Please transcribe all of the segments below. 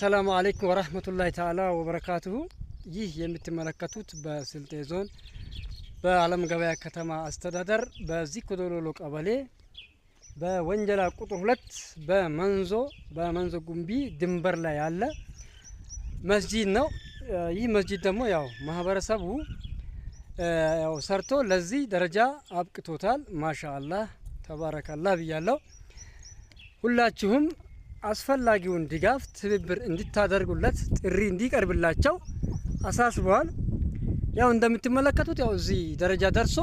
ሰላሙ አለይኩም ወራህመቱላሂ ተዓላ ወበረካቱሁ። ይህ የምትመለከቱት በስልጤ ዞን በአለም ገበያ ከተማ አስተዳደር በዚህ ኮዶሎሎ ቀበሌ በወንጀላ ቁጥር ሁለት በመንዞ በመንዞ ጉምቢ ድንበር ላይ ያለ መስጂድ ነው። ይህ መስጂድ ደግሞ ያው ማህበረሰቡ ያው ሰርቶ ለዚህ ደረጃ አብቅቶታል። ማሻ አላህ ተባረከላ ብያለው ሁላችሁም አስፈላጊውን ድጋፍ፣ ትብብር እንድታደርጉለት ጥሪ እንዲቀርብላቸው አሳስበዋል። ያው እንደምትመለከቱት ያው እዚህ ደረጃ ደርሶ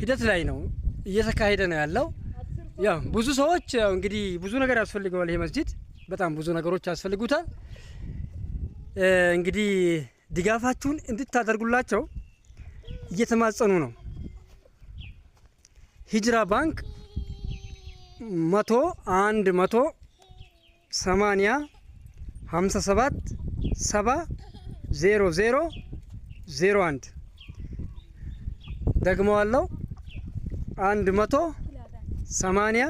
ሂደት ላይ ነው እየተካሄደ ነው ያለው። ያው ብዙ ሰዎች ያው እንግዲህ ብዙ ነገር ያስፈልገዋል። ይሄ መስጂድ በጣም ብዙ ነገሮች ያስፈልጉታል። እንግዲህ ድጋፋችሁን እንድታደርጉላቸው እየተማጸኑ ነው። ሂጅራ ባንክ መቶ አንድ መቶ ሰማንያ ሀምሳ ሰባት ሰባ ዜሮ ዜሮ ዜሮ አንድ ደግመዋለው አንድ መቶ ሰማንያ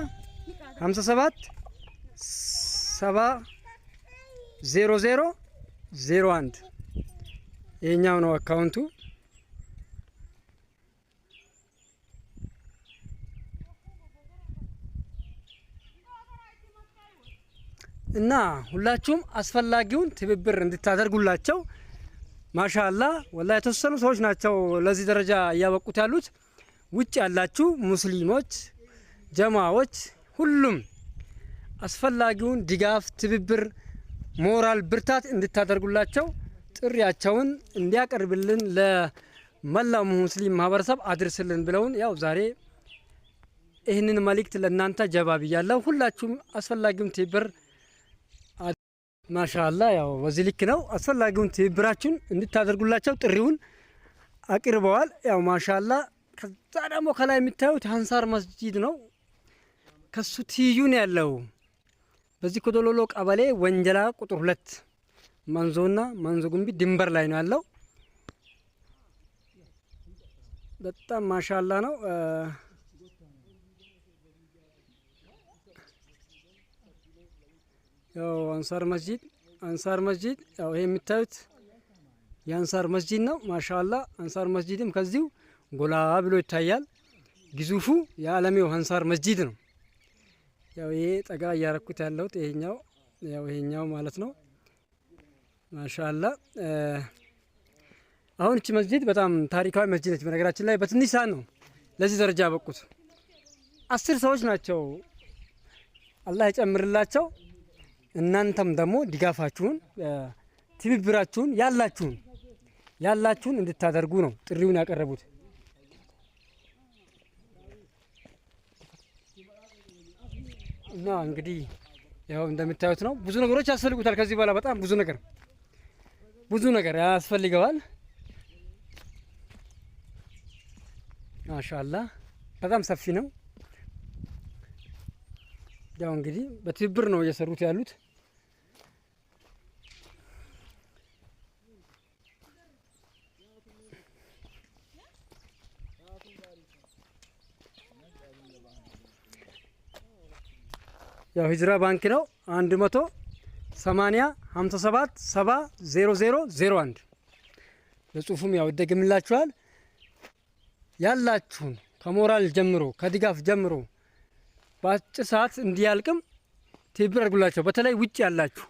ሀምሳ ሰባት ሰባ ዜሮ ዜሮ ዜሮ አንድ ይህኛው ነው አካውንቱ። እና ሁላችሁም አስፈላጊውን ትብብር እንድታደርጉላቸው። ማሻላ ወላ የተወሰኑ ሰዎች ናቸው ለዚህ ደረጃ እያበቁት ያሉት። ውጭ ያላችሁ ሙስሊሞች ጀማዎች፣ ሁሉም አስፈላጊውን ድጋፍ፣ ትብብር፣ ሞራል ብርታት እንድታደርጉላቸው ጥሪያቸውን እንዲያቀርብልን ለመላው ሙስሊም ማህበረሰብ አድርስልን ብለውን ያው ዛሬ ይህንን መልእክት ለእናንተ ጀባ ብያለሁ። ሁላችሁም አስፈላጊውን ትብብር ማሻላ ያው በዚህ ልክ ነው። አስፈላጊውን ትብብራችን እንድታደርጉላቸው ጥሪውን አቅርበዋል። ያው ማሻላ። ከዛ ደግሞ ከላይ የሚታዩት አንሳር መስጂድ ነው። ከሱ ትይዩን ያለው በዚህ ኮዶሎሎ ቀበሌ ወንጀላ ቁጥር ሁለት መንዞና መንዞ ጉንቢ ድንበር ላይ ነው ያለው። በጣም ማሻላ ነው። ያው አንሳር መስጂድ አንሳር መስጂድ ያው ይሄ የምታዩት የአንሳር መስጂድ ነው። ማሻአላ አንሳር መስጂድም ከዚሁ ጎላ ብሎ ይታያል። ግዙፉ የዓለሜው አንሳር መስጂድ ነው። ያው ይሄ ጠጋ እያረኩት ያለሁት ይሄኛው ያው ይሄኛው ማለት ነው። ማሻአላ አሁን እቺ መስጂድ በጣም ታሪካዊ መስጂድ ነች። በነገራችን ላይ በትንሽ ሰዓት ነው ለዚህ ደረጃ ያበቁት። አስር ሰዎች ናቸው። አላህ ይጨምርላቸው። እናንተም ደግሞ ድጋፋችሁን ትብብራችሁን ያላችሁን ያላችሁን እንድታደርጉ ነው ጥሪውን ያቀረቡት። እና እንግዲህ ያው እንደምታዩት ነው። ብዙ ነገሮች ያስፈልጉታል። ከዚህ በኋላ በጣም ብዙ ነገር ብዙ ነገር ያስፈልገዋል። ማሻአላህ በጣም ሰፊ ነው። ያው እንግዲህ በትብብር ነው እየሰሩት ያሉት። ያው ሂጅራ ባንክ ነው አንድ መቶ ሰማኒያ ሀምሳ ሰባት ሰባ ዜሮ ዜሮ ዜሮ አንድ በጽሁፉም ያው ይደገምላችኋል። ያላችሁን ከሞራል ጀምሮ ከድጋፍ ጀምሮ በአጭር ሰዓት እንዲያልቅም ትብብር አድርጉላቸው። በተለይ ውጭ ያላችሁ